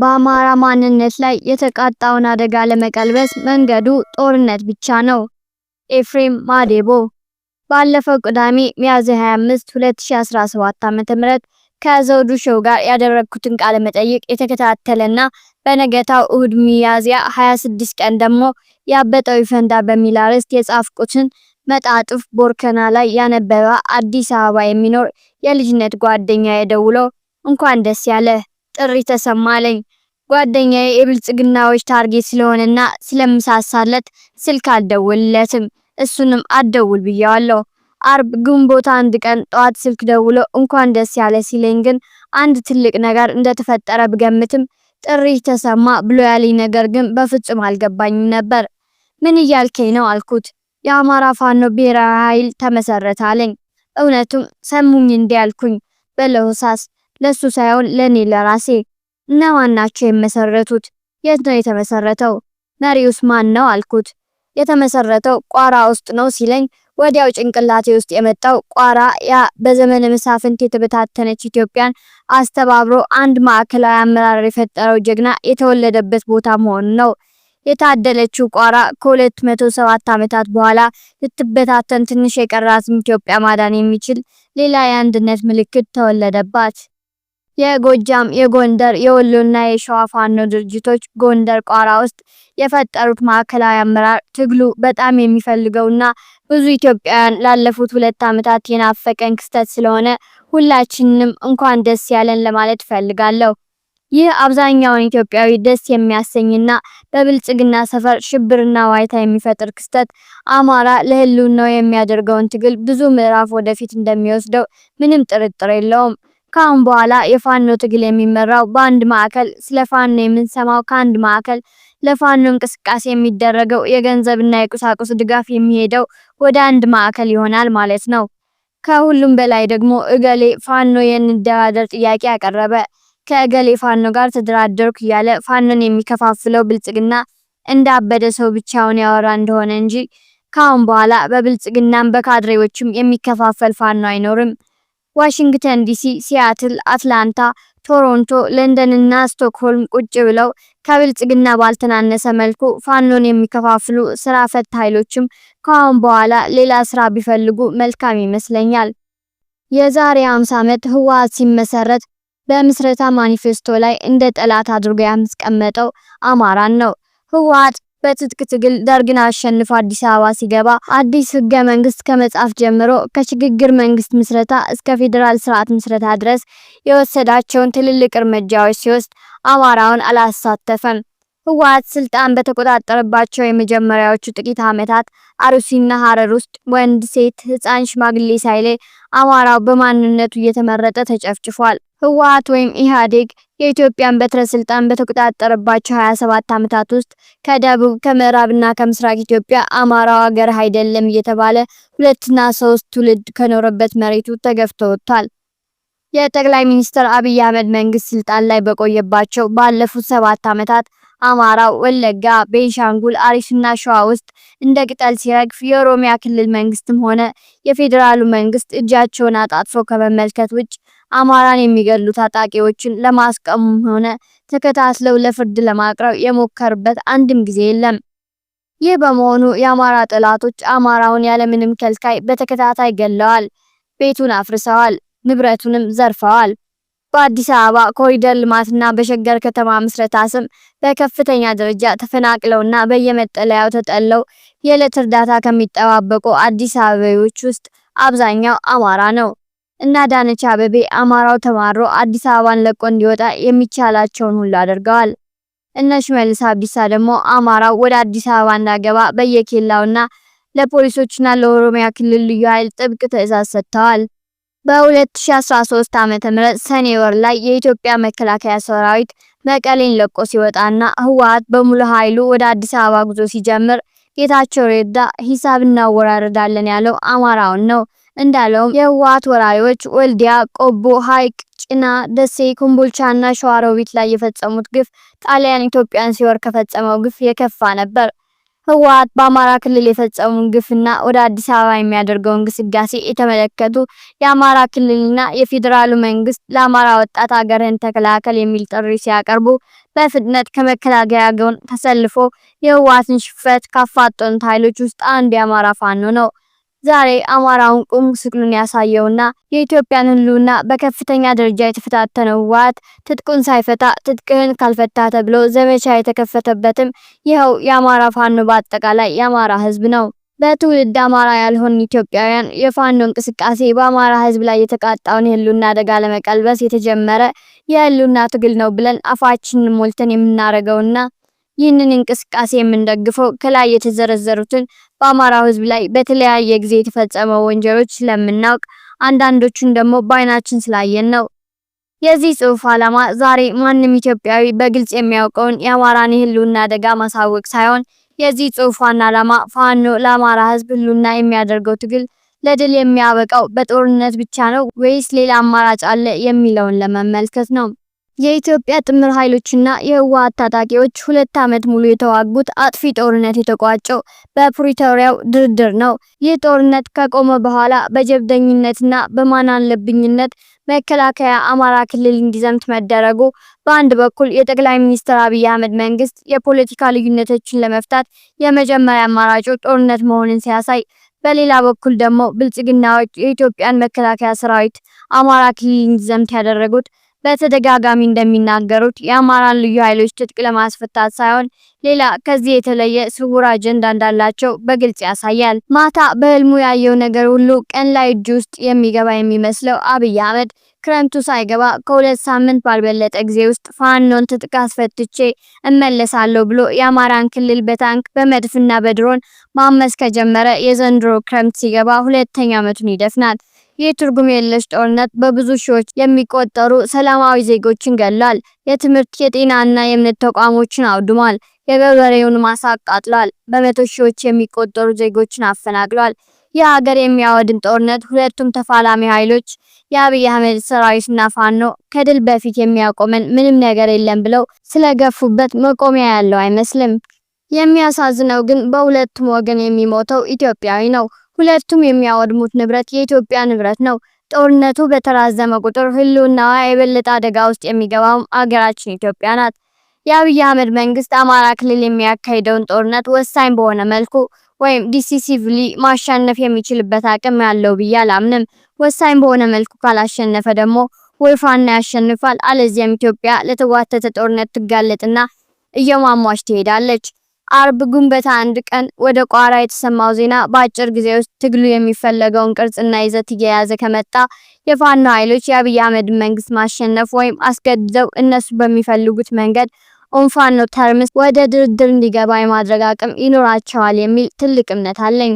በአማራ ማንነት ላይ የተቃጣውን አደጋ ለመቀልበስ መንገዱ ጦርነት ብቻ ነው። ኤፍሬም ማዴቦ ባለፈው ቅዳሜ ሚያዝያ 25 2017 ዓ.ም ከዘውዱ ሾው ጋር ያደረግኩትን ቃለ መጠይቅ የተከታተለና በነገታው እሁድ ሚያዝያ 26 ቀን ደግሞ ያበጠው ይፈንዳ በሚል አርዕስት የጻፍኩትን መጣጥፍ ቦርከና ላይ ያነበበ አዲስ አበባ የሚኖር የልጅነት ጓደኛ የደውለው እንኳን ደስ ያለህ ጥሪ ተሰማለኝ። ጓደኛዬ የብልጽግናዎች ታርጌት ስለሆነና ስለምሳሳለት ስልክ አልደውልለትም። እሱንም አደውል ብያዋለሁ። አርብ ግንቦት አንድ ቀን ጠዋት ስልክ ደውሎ እንኳን ደስ ያለ ሲለኝ ግን አንድ ትልቅ ነገር እንደተፈጠረ ብገምትም ጥሪ ተሰማ ብሎ ያለኝ ነገር ግን በፍጹም አልገባኝም ነበር። ምን እያልከኝ ነው አልኩት። የአማራ ፋኖ ብሔራዊ ኃይል ተመሰረተ አለኝ። እውነቱም ሰሙኝ እንዲያልኩኝ በለሆሳስ ለሱ ሳይሆን ለኔ ለራሴ። እነማን ናቸው የመሰረቱት? የት ነው የተመሰረተው? መሪውስ ማን ነው አልኩት። የተመሰረተው ቋራ ውስጥ ነው ሲለኝ ወዲያው ጭንቅላቴ ውስጥ የመጣው ቋራ ያ በዘመነ መሳፍንት የተበታተነች ኢትዮጵያን አስተባብሮ አንድ ማዕከላዊ አመራር የፈጠረው ጀግና የተወለደበት ቦታ መሆኑ ነው። የታደለችው ቋራ ከ207 ዓመታት በኋላ ልትበታተን ትንሽ የቀራትን ኢትዮጵያ ማዳን የሚችል ሌላ የአንድነት ምልክት ተወለደባት። የጎጃም፣ የጎንደር፣ የወሎና የሸዋ ፋኖ ድርጅቶች ጎንደር ቋራ ውስጥ የፈጠሩት ማዕከላዊ አመራር ትግሉ በጣም የሚፈልገውና ብዙ ኢትዮጵያውያን ላለፉት ሁለት ዓመታት የናፈቀን ክስተት ስለሆነ ሁላችንም እንኳን ደስ ያለን ለማለት እፈልጋለሁ። ይህ አብዛኛውን ኢትዮጵያዊ ደስ የሚያሰኝና በብልጽግና ሰፈር ሽብርና ዋይታ የሚፈጥር ክስተት አማራ ለህልውናው የሚያደርገውን ትግል ብዙ ምዕራፍ ወደፊት እንደሚወስደው ምንም ጥርጥር የለውም። ከአሁን በኋላ የፋኖ ትግል የሚመራው በአንድ ማዕከል፣ ስለ ፋኖ የምንሰማው ከአንድ ማዕከል፣ ለፋኖ እንቅስቃሴ የሚደረገው የገንዘብና የቁሳቁስ ድጋፍ የሚሄደው ወደ አንድ ማዕከል ይሆናል ማለት ነው። ከሁሉም በላይ ደግሞ እገሌ ፋኖ የንደራደር ጥያቄ ያቀረበ ከእገሌ ፋኖ ጋር ተደራደርኩ እያለ ፋኖን የሚከፋፍለው ብልጽግና እንዳበደ ሰው ብቻውን ያወራ እንደሆነ እንጂ ከአሁን በኋላ በብልጽግናም በካድሬዎችም የሚከፋፈል ፋኖ አይኖርም። ዋሽንግተን ዲሲ፣ ሲያትል፣ አትላንታ፣ ቶሮንቶ፣ ለንደን እና ስቶክሆልም ቁጭ ብለው ከብልጽግና ባልተናነሰ መልኩ ፋኖን የሚከፋፍሉ ስራ ፈት ኃይሎችም ከአሁን በኋላ ሌላ ስራ ቢፈልጉ መልካም ይመስለኛል። የዛሬ 50 ዓመት ህወሓት ሲመሰረት በምስረታ ማኒፌስቶ ላይ እንደ ጠላት አድርጎ ያስቀመጠው አማራን ነው። ህወሓት በትጥቅ ትግል ደርግን አሸንፎ አዲስ አበባ ሲገባ አዲስ ህገ መንግስት ከመጻፍ ጀምሮ ከሽግግር መንግስት ምስረታ እስከ ፌዴራል ስርዓት ምስረታ ድረስ የወሰዳቸውን ትልልቅ እርምጃዎች ሲወስድ አማራውን አላሳተፈም። ህወሓት ስልጣን በተቆጣጠረባቸው የመጀመሪያዎቹ ጥቂት ዓመታት አሩሲና ሀረር ውስጥ ወንድ፣ ሴት፣ ህፃን፣ ሽማግሌ ሳይሌ አማራው በማንነቱ እየተመረጠ ተጨፍጭፏል። ህወሓት ወይም ኢህአዴግ የኢትዮጵያን በትረ ስልጣን በተቆጣጠረባቸው 27 ዓመታት ውስጥ ከደቡብ ከምዕራብና ከምስራቅ ኢትዮጵያ አማራው ሀገር አይደለም እየተባለ ሁለትና ሶስት ትውልድ ከኖረበት መሬቱ ተገፍቶ ወጥቷል። የጠቅላይ ሚኒስትር አብይ አህመድ መንግስት ስልጣን ላይ በቆየባቸው ባለፉት ሰባት ዓመታት አማራ፣ ወለጋ፣ ቤንሻንጉል፣ አሪፍና ሸዋ ውስጥ እንደ ቅጠል ሲረግፍ የኦሮሚያ ክልል መንግስትም ሆነ የፌዴራሉ መንግስት እጃቸውን አጣጥፎ ከመመልከት ውጭ አማራን የሚገሉ ታጣቂዎችን ለማስቀሙም ሆነ ተከታትለው ለፍርድ ለማቅረብ የሞከርበት አንድም ጊዜ የለም። ይህ በመሆኑ የአማራ ጠላቶች አማራውን ያለምንም ከልካይ በተከታታይ ገለዋል፣ ቤቱን አፍርሰዋል፣ ንብረቱንም ዘርፈዋል። በአዲስ አበባ ኮሪደር ልማትና በሸገር ከተማ ምስረታ ስም በከፍተኛ ደረጃ ተፈናቅለውና በየመጠለያው ተጠለው የዕለት እርዳታ ከሚጠባበቁ አዲስ አበቤዎች ውስጥ አብዛኛው አማራ ነው። እና ዳነች አበቤ አማራው ተማሮ አዲስ አበባን ለቆ እንዲወጣ የሚቻላቸውን ሁሉ አድርገዋል። እነ ሽመልስ አብዲሳ ደግሞ አማራው ወደ አዲስ አበባ እንዳገባ በየኬላውና ለፖሊሶችና ለኦሮሚያ ክልል ልዩ ኃይል ጥብቅ ትዕዛዝ ሰጥተዋል። በ2013 ዓ.ም ሰኔ ወር ላይ የኢትዮጵያ መከላከያ ሰራዊት መቀሌን ለቆ ሲወጣና ህወሓት በሙሉ ኃይሉ ወደ አዲስ አበባ ጉዞ ሲጀምር ጌታቸው ረዳ ሂሳብ እናወራረዳለን ያለው አማራውን ነው። እንዳለውም የህወሓት ወራሪዎች ወልዲያ፣ ቆቦ፣ ሐይቅ፣ ጭና፣ ደሴ፣ ኮምቦልቻና ሸዋሮቢት ላይ የፈጸሙት ግፍ ጣሊያን ኢትዮጵያን ሲወር ከፈጸመው ግፍ የከፋ ነበር። ህወሓት በአማራ ክልል የፈጸመውን ግፍና ወደ አዲስ አበባ የሚያደርገው ግስጋሴ የተመለከቱ የአማራ ክልልና የፌዴራሉ መንግስት ለአማራ ወጣት ሀገርን ተከላከል የሚል ጥሪ ሲያቀርቡ በፍጥነት ከመከላከያ ጎን ተሰልፎ የህወሓትን ሽንፈት ካፋጠኑት ኃይሎች ውስጥ አንዱ የአማራ ፋኖ ነው። ዛሬ አማራውን ቁም ስቅሉን ያሳየውና የኢትዮጵያን ሕልውና በከፍተኛ ደረጃ የተፈታተነው ህወሓት ትጥቁን ሳይፈታ ትጥቅህን ካልፈታ ተብሎ ዘመቻ የተከፈተበትም ይኸው የአማራ ፋኖ በአጠቃላይ የአማራ ህዝብ ነው። በትውልድ አማራ ያልሆን ኢትዮጵያውያን የፋኖ እንቅስቃሴ በአማራ ህዝብ ላይ የተቃጣውን የህልውና አደጋ ለመቀልበስ የተጀመረ የህልውና ትግል ነው ብለን አፋችንን ሞልተን የምናደርገውና ይህንን እንቅስቃሴ የምንደግፈው ከላይ የተዘረዘሩትን በአማራው ህዝብ ላይ በተለያየ ጊዜ የተፈጸመው ወንጀሎች ስለምናውቅ አንዳንዶቹን ደግሞ በአይናችን ስላየን ነው። የዚህ ጽሁፍ ዓላማ ዛሬ ማንም ኢትዮጵያዊ በግልጽ የሚያውቀውን የአማራን የህልውና አደጋ ማሳወቅ ሳይሆን የዚህ ጽሑፍ ዋና ዓላማ ፋኖ ለአማራ ህዝብ ህልውና የሚያደርገው ትግል ለድል የሚያበቃው በጦርነት ብቻ ነው ወይስ ሌላ አማራጭ አለ የሚለውን ለመመልከት ነው። የኢትዮጵያ ጥምር ኃይሎችና የህወሓት ታጣቂዎች ሁለት ዓመት ሙሉ የተዋጉት አጥፊ ጦርነት የተቋጨው በፕሪቶሪያው ድርድር ነው። ይህ ጦርነት ከቆመ በኋላ በጀብደኝነትና በማናለብኝነት መከላከያ አማራ ክልል እንዲዘምት መደረጉ በአንድ በኩል የጠቅላይ ሚኒስትር አብይ አህመድ መንግስት የፖለቲካ ልዩነቶችን ለመፍታት የመጀመሪያ አማራጩ ጦርነት መሆኑን ሲያሳይ፣ በሌላ በኩል ደግሞ ብልጽግናዎች የኢትዮጵያን መከላከያ ሰራዊት አማራ ክልል እንዲዘምት ያደረጉት በተደጋጋሚ እንደሚናገሩት የአማራን ልዩ ኃይሎች ትጥቅ ለማስፈታት ሳይሆን ሌላ ከዚህ የተለየ ስውር አጀንዳ እንዳላቸው በግልጽ ያሳያል። ማታ በህልሙ ያየው ነገር ሁሉ ቀን ላይ እጅ ውስጥ የሚገባ የሚመስለው አብይ አህመድ ክረምቱ ሳይገባ ከሁለት ሳምንት ባልበለጠ ጊዜ ውስጥ ፋኖን ትጥቅ አስፈትቼ እመለሳለሁ ብሎ የአማራን ክልል በታንክ በመድፍና በድሮን ማመስ ከጀመረ የዘንድሮ ክረምት ሲገባ ሁለተኛ ዓመቱን ይደፍናል። ይህ ትርጉም የለሽ ጦርነት በብዙ ሺዎች የሚቆጠሩ ሰላማዊ ዜጎችን ገሏል። የትምህርት፣ የጤናና የእምነት ተቋሞችን አውድሟል። የገበሬውን ማሳ አቃጥሏል። በመቶ ሺዎች የሚቆጠሩ ዜጎችን አፈናቅሏል። ይህ ሀገር ጦርነት ሁለቱም ተፋላሚ ኃይሎች የአብይ አህመድ ሰራዊትና ፋኖ ከድል በፊት የሚያቆመን ምንም ነገር የለም ብለው ስለገፉበት መቆሚያ ያለው አይመስልም። የሚያሳዝነው ግን በሁለቱም ወገን የሚሞተው ኢትዮጵያዊ ነው። ሁለቱም የሚያወድሙት ንብረት የኢትዮጵያ ንብረት ነው። ጦርነቱ በተራዘመ ቁጥር ህልውናዋ የበለጠ አደጋ ውስጥ የሚገባው አገራችን ኢትዮጵያ ናት። የአብይ አህመድ መንግስት አማራ ክልል የሚያካሂደውን ጦርነት ወሳኝ በሆነ መልኩ ወይም ዲሲሲቪሊ ማሸነፍ የሚችልበት አቅም ያለው ብዬ አላምንም። ወሳኝ በሆነ መልኩ ካላሸነፈ ደግሞ ወይፋና ያሸንፋል፣ አለዚያም ኢትዮጵያ ለተጓተተ ጦርነት ትጋለጥና እየሟሟች ትሄዳለች። አርብ ግንቦት አንድ ቀን ወደ ቋራ የተሰማው ዜና በአጭር ጊዜ ውስጥ ትግሉ የሚፈለገውን ቅርጽና ይዘት እየያዘ ከመጣ የፋኖ ኃይሎች የአብይ አህመድ መንግስት ማሸነፍ ወይም አስገድደው እነሱ በሚፈልጉት መንገድ ኦንፋኖ ተርምስ ወደ ድርድር እንዲገባ የማድረግ አቅም ይኖራቸዋል የሚል ትልቅ እምነት አለኝ።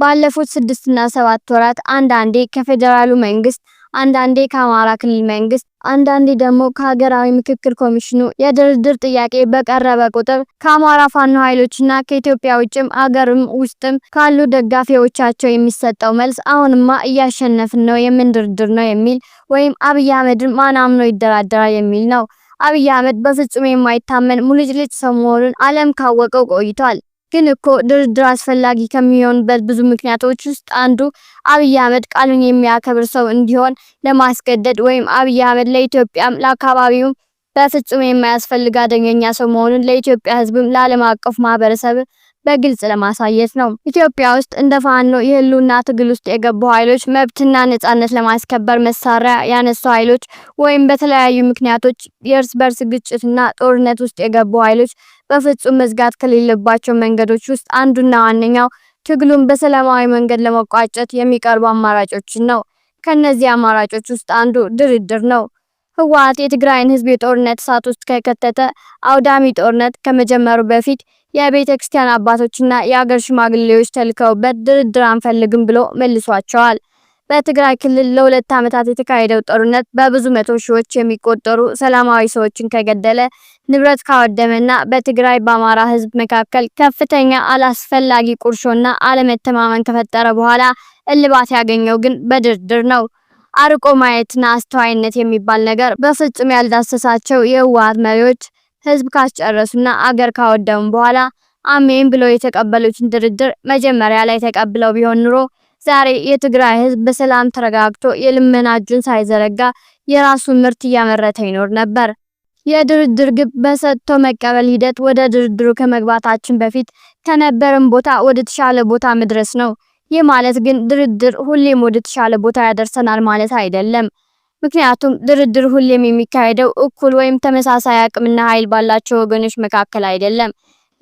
ባለፉት ስድስትና ሰባት ወራት አንዳንዴ ከፌዴራሉ መንግስት አንዳንዴ ከአማራ ክልል መንግስት፣ አንዳንዴ ደግሞ ከሀገራዊ ምክክር ኮሚሽኑ የድርድር ጥያቄ በቀረበ ቁጥር ከአማራ ፋኖ ኃይሎችና ከኢትዮጵያ ውጭም አገርም ውስጥም ካሉ ደጋፊዎቻቸው የሚሰጠው መልስ አሁንማ እያሸነፍን ነው፣ የምን ድርድር ነው የሚል ወይም አብይ አህመድን ማን አምኖ ይደራደራል የሚል ነው። አብይ አህመድ በፍጹም የማይታመን ሙልጭልጭ ሰው መሆኑን ዓለም ካወቀው ቆይቷል። ግን እኮ ድርድር አስፈላጊ ከሚሆንበት ብዙ ምክንያቶች ውስጥ አንዱ አብይ አህመድ ቃሉን የሚያከብር ሰው እንዲሆን ለማስገደድ ወይም አብይ አህመድ ለኢትዮጵያም ለአካባቢውም በፍጹም የማያስፈልግ አደገኛ ሰው መሆኑን ለኢትዮጵያ ሕዝብም ለዓለም አቀፍ ማህበረሰብ በግልጽ ለማሳየት ነው። ኢትዮጵያ ውስጥ እንደ ፋኖ የህልውና ትግል ውስጥ የገቡ ኃይሎች መብትና ነጻነት ለማስከበር መሳሪያ ያነሱ ኃይሎች ወይም በተለያዩ ምክንያቶች የእርስ በርስ ግጭትና ጦርነት ውስጥ የገቡ ኃይሎች በፍጹም መዝጋት ከሌለባቸው መንገዶች ውስጥ አንዱና ዋነኛው ትግሉን በሰላማዊ መንገድ ለመቋጨት የሚቀርቡ አማራጮችን ነው። ከነዚህ አማራጮች ውስጥ አንዱ ድርድር ነው። ህወሓት የትግራይን ህዝብ የጦርነት እሳት ውስጥ ከከተተ አውዳሚ ጦርነት ከመጀመሩ በፊት የቤተ ክርስቲያን አባቶችና የአገር ሽማግሌዎች ተልከውበት ድርድር አንፈልግም ብሎ መልሷቸዋል። በትግራይ ክልል ለሁለት ዓመታት የተካሄደው ጦርነት በብዙ መቶ ሺዎች የሚቆጠሩ ሰላማዊ ሰዎችን ከገደለ፣ ንብረት ካወደመና በትግራይ በአማራ ህዝብ መካከል ከፍተኛ አላስፈላጊ ቁርሾና አለመተማመን ከፈጠረ በኋላ እልባት ያገኘው ግን በድርድር ነው። አርቆ ማየትና አስተዋይነት የሚባል ነገር በፍጹም ያልዳሰሳቸው የህወሓት መሪዎች ህዝብ ካስጨረሱና አገር ካወደሙ በኋላ አሜን ብለው የተቀበሉትን ድርድር መጀመሪያ ላይ ተቀብለው ቢሆን ኑሮ ዛሬ የትግራይ ህዝብ በሰላም ተረጋግቶ የልመና እጁን ሳይዘረጋ የራሱን ምርት እያመረተ ይኖር ነበር። የድርድር ግብ በሰጥቶ መቀበል ሂደት ወደ ድርድሩ ከመግባታችን በፊት ከነበረን ቦታ ወደ ተሻለ ቦታ መድረስ ነው። ይህ ማለት ግን ድርድር ሁሌም ወደ ተሻለ ቦታ ያደርሰናል ማለት አይደለም። ምክንያቱም ድርድር ሁሌም የሚካሄደው እኩል ወይም ተመሳሳይ አቅምና ኃይል ባላቸው ወገኖች መካከል አይደለም።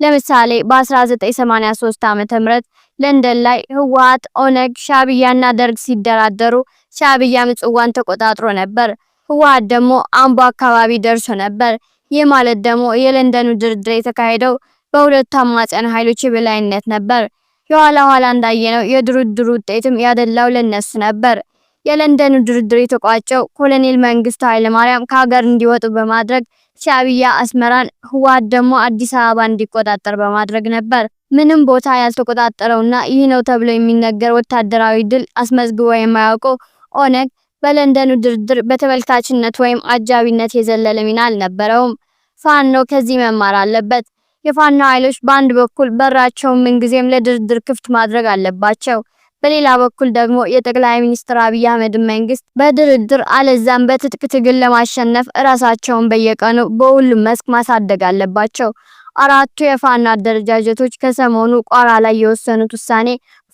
ለምሳሌ በ1983 ዓ ም ለንደን ላይ ህወሀት፣ ኦነግ፣ ሻብያና ደርግ ሲደራደሩ ሻብያ ምጽዋን ተቆጣጥሮ ነበር። ህወሀት ደግሞ አምቦ አካባቢ ደርሶ ነበር። ይህ ማለት ደግሞ የለንደኑ ድርድር የተካሄደው በሁለቱ አማጽያን ኃይሎች የበላይነት ነበር። የኋላ ኋላ እንዳየነው የድርድር ውጤትም ያደላው ለነሱ ነበር። የለንደኑ ድርድር የተቋጨው ኮሎኔል መንግስቱ ኃይለማርያም ከሀገር እንዲወጡ በማድረግ ሻዕቢያ አስመራን፣ ህወሓት ደግሞ አዲስ አበባ እንዲቆጣጠር በማድረግ ነበር። ምንም ቦታ ያልተቆጣጠረውና ይህ ነው ተብሎ የሚነገር ወታደራዊ ድል አስመዝግቦ የማያውቀው ኦነግ በለንደኑ ድርድር በተመልካችነት ወይም አጃቢነት የዘለለ ሚና አልነበረውም። ፋኖ ከዚህ መማር አለበት። የፋኖ ኃይሎች በአንድ በኩል በራቸውን ምንጊዜም ለድርድር ክፍት ማድረግ አለባቸው። በሌላ በኩል ደግሞ የጠቅላይ ሚኒስትር አብይ አህመድን መንግስት በድርድር አለዛም በትጥቅ ትግል ለማሸነፍ እራሳቸውን በየቀኑ በሁሉም መስክ ማሳደግ አለባቸው። አራቱ የፋኖ አደረጃጀቶች ከሰሞኑ ቋራ ላይ የወሰኑት ውሳኔ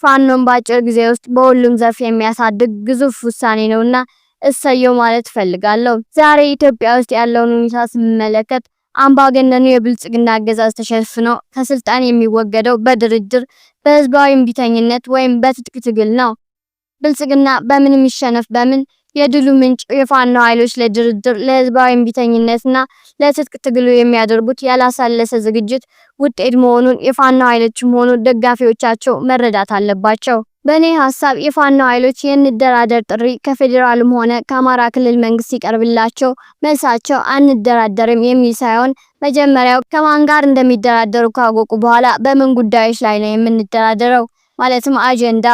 ፋኖን በአጭር ጊዜ ውስጥ በሁሉም ዘርፍ የሚያሳድግ ግዙፍ ውሳኔ ነውና እሰየው ማለት እፈልጋለሁ። ዛሬ ኢትዮጵያ ውስጥ ያለውን ሁኔታ ስመለከት አምባገነኑ የብልጽግና አገዛዝ ተሸፍኖ ከስልጣን የሚወገደው በድርድር በህዝባዊ እምቢተኝነት ወይም በትጥቅ ትግል ነው። ብልጽግና በምን የሚሸነፍ በምን የድሉ ምንጭ የፋኖ ኃይሎች ለድርድር ለህዝባዊ እምቢተኝነትና ለትጥቅ ትግሉ የሚያደርጉት ያላሳለሰ ዝግጅት ውጤት መሆኑን የፋኖ ኃይሎችም ሆኑ ደጋፊዎቻቸው መረዳት አለባቸው። በእኔ ሀሳብ የፋኖ ኃይሎች የእንደራደር ጥሪ ከፌዴራልም ሆነ ከአማራ ክልል መንግስት ሲቀርብላቸው መልሳቸው አንደራደርም የሚል ሳይሆን መጀመሪያው ከማን ጋር እንደሚደራደሩ ካወቁ በኋላ በምን ጉዳዮች ላይ ነው የምንደራደረው፣ ማለትም አጀንዳ፣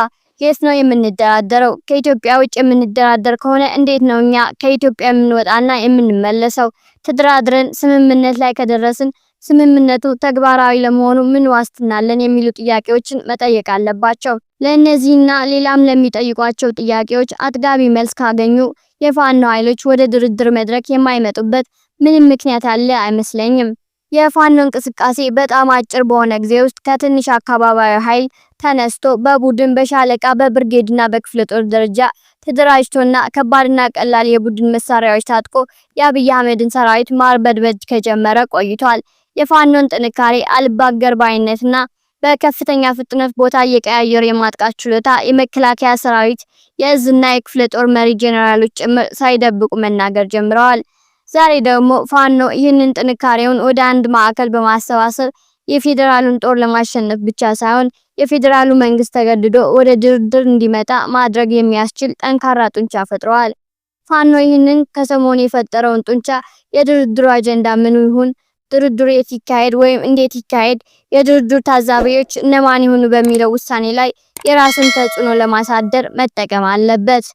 የት ነው የምንደራደረው፣ ከኢትዮጵያ ውጭ የምንደራደር ከሆነ እንዴት ነው እኛ ከኢትዮጵያ የምንወጣና የምንመለሰው፣ ተደራድረን ስምምነት ላይ ከደረስን ስምምነቱ ተግባራዊ ለመሆኑ ምን ዋስትና አለን የሚሉ ጥያቄዎችን መጠየቅ አለባቸው። ለእነዚህና ሌላም ለሚጠይቋቸው ጥያቄዎች አጥጋቢ መልስ ካገኙ የፋኖ ኃይሎች ወደ ድርድር መድረክ የማይመጡበት ምንም ምክንያት ያለ አይመስለኝም። የፋኖ እንቅስቃሴ በጣም አጭር በሆነ ጊዜ ውስጥ ከትንሽ አካባቢያዊ ኃይል ተነስቶ በቡድን በሻለቃ በብርጌድና በክፍለ ጦር ደረጃ ተደራጅቶና ከባድና ቀላል የቡድን መሳሪያዎች ታጥቆ የአብይ አህመድን ሰራዊት ማርበድበድ ከጀመረ ቆይቷል። የፋኖን ጥንካሬ አልባገር ባይነትና በከፍተኛ ፍጥነት ቦታ እየቀያየሩ የማጥቃት ችሎታ የመከላከያ ሰራዊት የእዝና የክፍለ ጦር መሪ ጄኔራሎች ጭምር ሳይደብቁ መናገር ጀምረዋል። ዛሬ ደግሞ ፋኖ ይህንን ጥንካሬውን ወደ አንድ ማዕከል በማሰባሰብ የፌዴራሉን ጦር ለማሸነፍ ብቻ ሳይሆን የፌዴራሉ መንግስት ተገድዶ ወደ ድርድር እንዲመጣ ማድረግ የሚያስችል ጠንካራ ጡንቻ ፈጥረዋል። ፋኖ ይህንን ከሰሞኑ የፈጠረውን ጡንቻ የድርድሩ አጀንዳ ምኑ ይሁን ድርድሩ የት ይካሄድ ወይም እንዴት ይካሄድ፣ የድርድር ታዛቢዎች እነማን ይሁኑ በሚለው ውሳኔ ላይ የራስን ተጽዕኖ ለማሳደር መጠቀም አለበት።